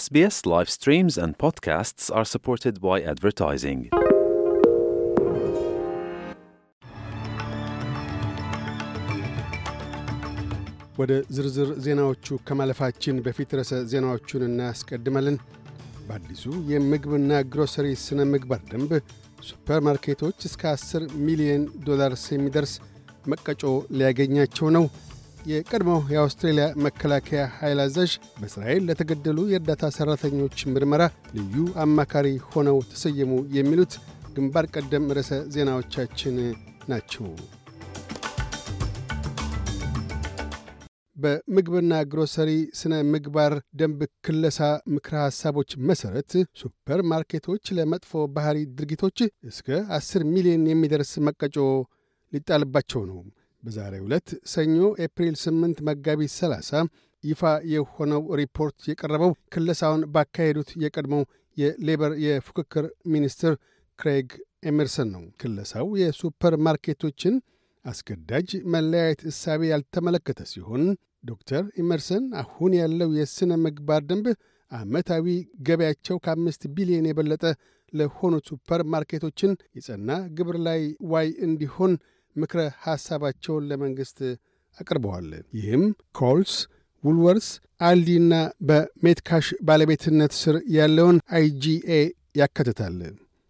SBS live streams and podcasts are supported by advertising. ወደ ዝርዝር ዜናዎቹ ከማለፋችን በፊት ረዕሰ ዜናዎቹን እናስቀድማለን። በአዲሱ የምግብና ግሮሰሪ ስነ ምግባር ደንብ ሱፐርማርኬቶች እስከ 10 ሚሊዮን ዶላርስ የሚደርስ መቀጮ ሊያገኛቸው ነው። የቀድሞ የአውስትሬልያ መከላከያ ኃይል አዛዥ በእስራኤል ለተገደሉ የእርዳታ ሠራተኞች ምርመራ ልዩ አማካሪ ሆነው ተሰየሙ የሚሉት ግንባር ቀደም ርዕሰ ዜናዎቻችን ናቸው። በምግብና ግሮሰሪ ስነ ምግባር ደንብ ክለሳ ምክረ ሐሳቦች መሠረት ሱፐር ማርኬቶች ለመጥፎ ባሕሪ ድርጊቶች እስከ 10 ሚሊዮን የሚደርስ መቀጮ ሊጣልባቸው ነው። በዛሬ ዕለት ሰኞ ኤፕሪል 8 መጋቢት 30 ይፋ የሆነው ሪፖርት የቀረበው ክለሳውን ባካሄዱት የቀድሞው የሌበር የፉክክር ሚኒስትር ክሬግ ኤመርሰን ነው። ክለሳው የሱፐር ማርኬቶችን አስገዳጅ መለያየት እሳቤ ያልተመለከተ ሲሆን ዶክተር ኢመርሰን አሁን ያለው የሥነ ምግባር ደንብ ዓመታዊ ገበያቸው ከአምስት ቢሊዮን የበለጠ ለሆኑት ሱፐር ማርኬቶችን የጸና ግብር ላይ ዋይ እንዲሆን ምክረ ሐሳባቸውን ለመንግሥት አቅርበዋል። ይህም ኮልስ፣ ውልወርስ፣ አልዲና በሜትካሽ ባለቤትነት ስር ያለውን አይጂኤ ያካትታል።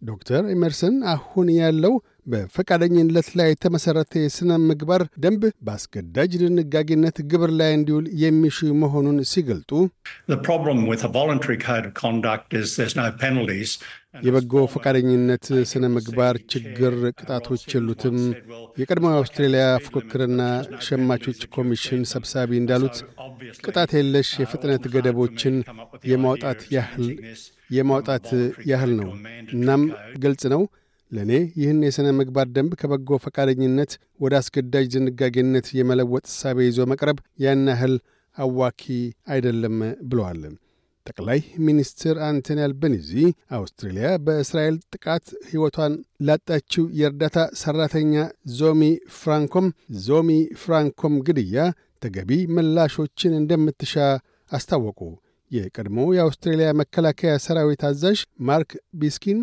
ዶክተር ኤመርሰን አሁን ያለው በፈቃደኝነት ላይ የተመሠረተ የሥነ ምግባር ደንብ በአስገዳጅ ድንጋጌነት ግብር ላይ እንዲውል የሚሹ መሆኑን ሲገልጡ የበጎ ፈቃደኝነት ሥነ ምግባር ችግር ቅጣቶች የሉትም። የቀድሞ የአውስትሬልያ ፉክክርና ሸማቾች ኮሚሽን ሰብሳቢ እንዳሉት ቅጣት የለሽ የፍጥነት ገደቦችን የማውጣት ያህል የማውጣት ያህል ነው። እናም ግልጽ ነው ለእኔ ይህን የሥነ ምግባር ደንብ ከበጎ ፈቃደኝነት ወደ አስገዳጅ ዝንጋጌነት የመለወጥ እሳቤ ይዞ መቅረብ ያን ያህል አዋኪ አይደለም ብለዋል። ጠቅላይ ሚኒስትር አንቶኒ አልበኒዚ አውስትሬልያ በእስራኤል ጥቃት ሕይወቷን ላጣችው የእርዳታ ሠራተኛ ዞሚ ፍራንኮም ዞሚ ፍራንኮም ግድያ ተገቢ ምላሾችን እንደምትሻ አስታወቁ። የቀድሞ የአውስትሬልያ መከላከያ ሰራዊት አዛዥ ማርክ ቢስኪን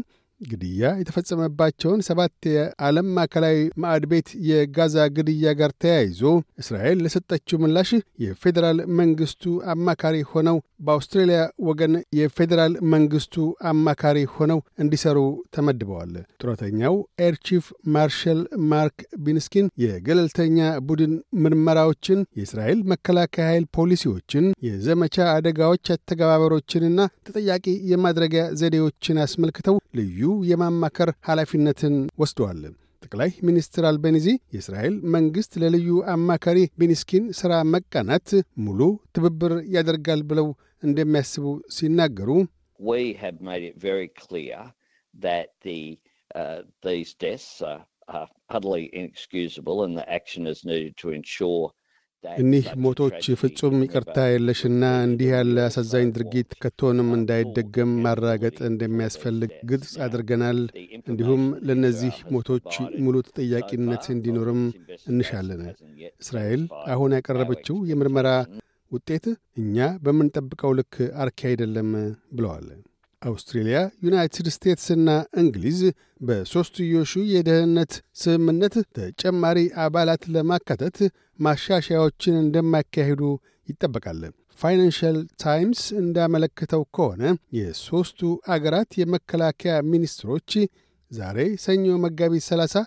ግድያ የተፈጸመባቸውን ሰባት የዓለም ማዕከላዊ ማዕድ ቤት የጋዛ ግድያ ጋር ተያይዞ እስራኤል ለሰጠችው ምላሽ የፌዴራል መንግስቱ አማካሪ ሆነው በአውስትሬልያ ወገን የፌዴራል መንግስቱ አማካሪ ሆነው እንዲሰሩ ተመድበዋል። ጡረተኛው ኤር ቺፍ ማርሻል ማርክ ቢንስኪን የገለልተኛ ቡድን ምርመራዎችን፣ የእስራኤል መከላከያ ኃይል ፖሊሲዎችን፣ የዘመቻ አደጋዎች አተገባበሮችንና ተጠያቂ የማድረጊያ ዘዴዎችን አስመልክተው ልዩ የማማከር ኃላፊነትን ወስደዋል። ጠቅላይ ሚኒስትር አልቤኒዚ የእስራኤል መንግሥት ለልዩ አማካሪ ቤኒስኪን ሥራ መቃናት ሙሉ ትብብር ያደርጋል ብለው እንደሚያስቡ ሲናገሩ uh, these deaths are utterly inexcusable and the action is needed to ensure እኒህ ሞቶች ፍጹም ይቅርታ የለሽና እንዲህ ያለ አሳዛኝ ድርጊት ከቶንም እንዳይደገም ማራገጥ እንደሚያስፈልግ ግልጽ አድርገናል። እንዲሁም ለእነዚህ ሞቶች ሙሉ ተጠያቂነት እንዲኖርም እንሻለን። እስራኤል አሁን ያቀረበችው የምርመራ ውጤት እኛ በምንጠብቀው ልክ አርኪ አይደለም ብለዋል። አውስትሬልያ፣ ዩናይትድ እና እንግሊዝ በሦስትዮሹ የደህንነት ስምምነት ተጨማሪ አባላት ለማካተት ማሻሻያዎችን እንደማያካሂዱ ይጠበቃል። ፋይናንሽል ታይምስ እንዳመለከተው ከሆነ የሦስቱ አገራት የመከላከያ ሚኒስትሮች ዛሬ ሰኞ መጋቢት 30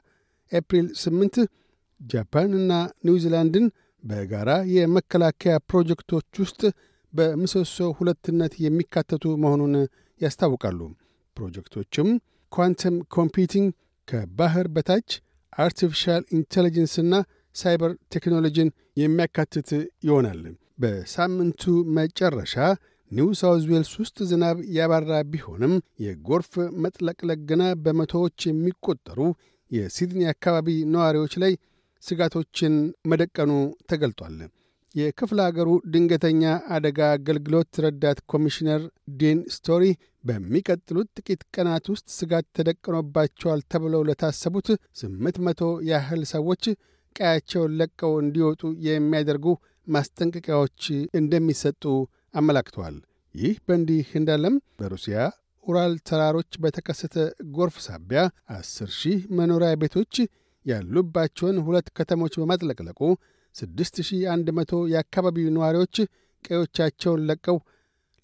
ኤፕሪል 8 ጃፓን እና ኒውዚላንድን በጋራ የመከላከያ ፕሮጀክቶች ውስጥ በምሰሶ ሁለትነት የሚካተቱ መሆኑን ያስታውቃሉ። ፕሮጀክቶችም ኳንተም ኮምፒውቲንግ፣ ከባህር በታች አርቲፊሻል ኢንቴሊጀንስና ሳይበር ቴክኖሎጂን የሚያካትት ይሆናል። በሳምንቱ መጨረሻ ኒው ሳውዝ ዌልስ ውስጥ ዝናብ ያባራ ቢሆንም የጎርፍ መጥለቅለቅ ግና በመቶዎች የሚቆጠሩ የሲድኒ አካባቢ ነዋሪዎች ላይ ስጋቶችን መደቀኑ ተገልጧል። የክፍለ አገሩ ድንገተኛ አደጋ አገልግሎት ረዳት ኮሚሽነር ዴን ስቶሪ በሚቀጥሉት ጥቂት ቀናት ውስጥ ስጋት ተደቅኖባቸዋል ተብለው ለታሰቡት ስምንት መቶ ያህል ሰዎች ቀያቸውን ለቀው እንዲወጡ የሚያደርጉ ማስጠንቀቂያዎች እንደሚሰጡ አመላክተዋል። ይህ በእንዲህ እንዳለም በሩሲያ ኡራል ተራሮች በተከሰተ ጎርፍ ሳቢያ አስር ሺህ መኖሪያ ቤቶች ያሉባቸውን ሁለት ከተሞች በማጥለቅለቁ 6100 የአካባቢው ነዋሪዎች ቀዮቻቸውን ለቀው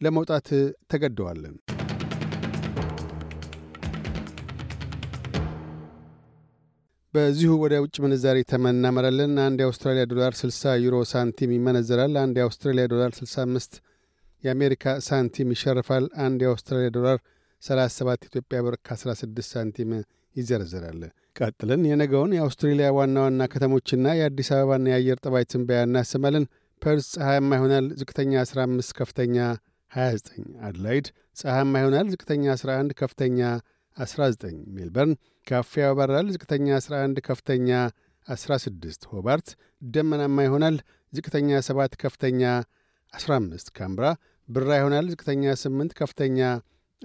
ለመውጣት ተገደዋል። በዚሁ ወደ ውጭ ምንዛሪ ተመናመራለን። አንድ የአውስትራሊያ ዶላር 60 ዩሮ ሳንቲም ይመነዘራል። አንድ የአውስትራሊያ ዶላር 65 የአሜሪካ ሳንቲም ይሸርፋል። አንድ የአውስትራሊያ ዶላር 37 ኢትዮጵያ ብር ከ16 ሳንቲም ይዘረዘራል። ቀጥልን የነገውን የአውስትሬሊያ ዋና ዋና ከተሞችና የአዲስ አበባና የአየር ጠባይ ትንበያ እናሰማለን። ፐርስ ፀሐያማ ይሆናል። ዝቅተኛ 15፣ ከፍተኛ 29። አድላይድ ፀሐያማ ይሆናል። ዝቅተኛ 11፣ ከፍተኛ 19። ሜልበርን ካፊያ ያበራል። ዝቅተኛ 11 ከፍተኛ 16። ሆባርት ደመናማ ይሆናል። ዝቅተኛ 7 ከፍተኛ 15። ካምብራ ብራ ይሆናል። ዝቅተኛ 8 ከፍተኛ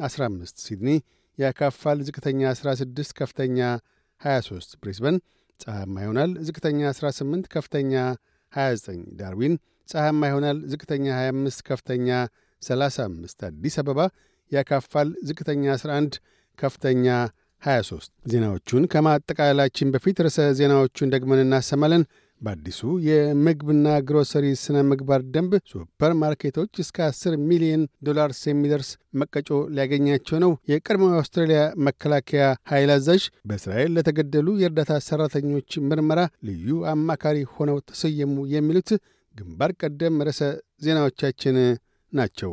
15። ሲድኒ ያካፋል። ዝቅተኛ 16 ከፍተኛ 23። ብሪስበን ፀሐያማ ይሆናል። ዝቅተኛ 18 ከፍተኛ 29። ዳርዊን ፀሐያማ ይሆናል። ዝቅተኛ 25 ከፍተኛ 35። አዲስ አበባ ያካፋል። ዝቅተኛ 11 ከፍተኛ 23 ዜናዎቹን ከማጠቃላችን በፊት ርዕሰ ዜናዎቹን ደግመን እናሰማለን። በአዲሱ የምግብና ግሮሰሪ ስነ ምግባር ደንብ ሱፐር ማርኬቶች እስከ 10 ሚሊዮን ዶላርስ የሚደርስ መቀጮ ሊያገኛቸው ነው። የቀድሞ የአውስትራሊያ መከላከያ ኃይል አዛዥ በእስራኤል ለተገደሉ የእርዳታ ሠራተኞች ምርመራ ልዩ አማካሪ ሆነው ተሰየሙ። የሚሉት ግንባር ቀደም ርዕሰ ዜናዎቻችን ናቸው።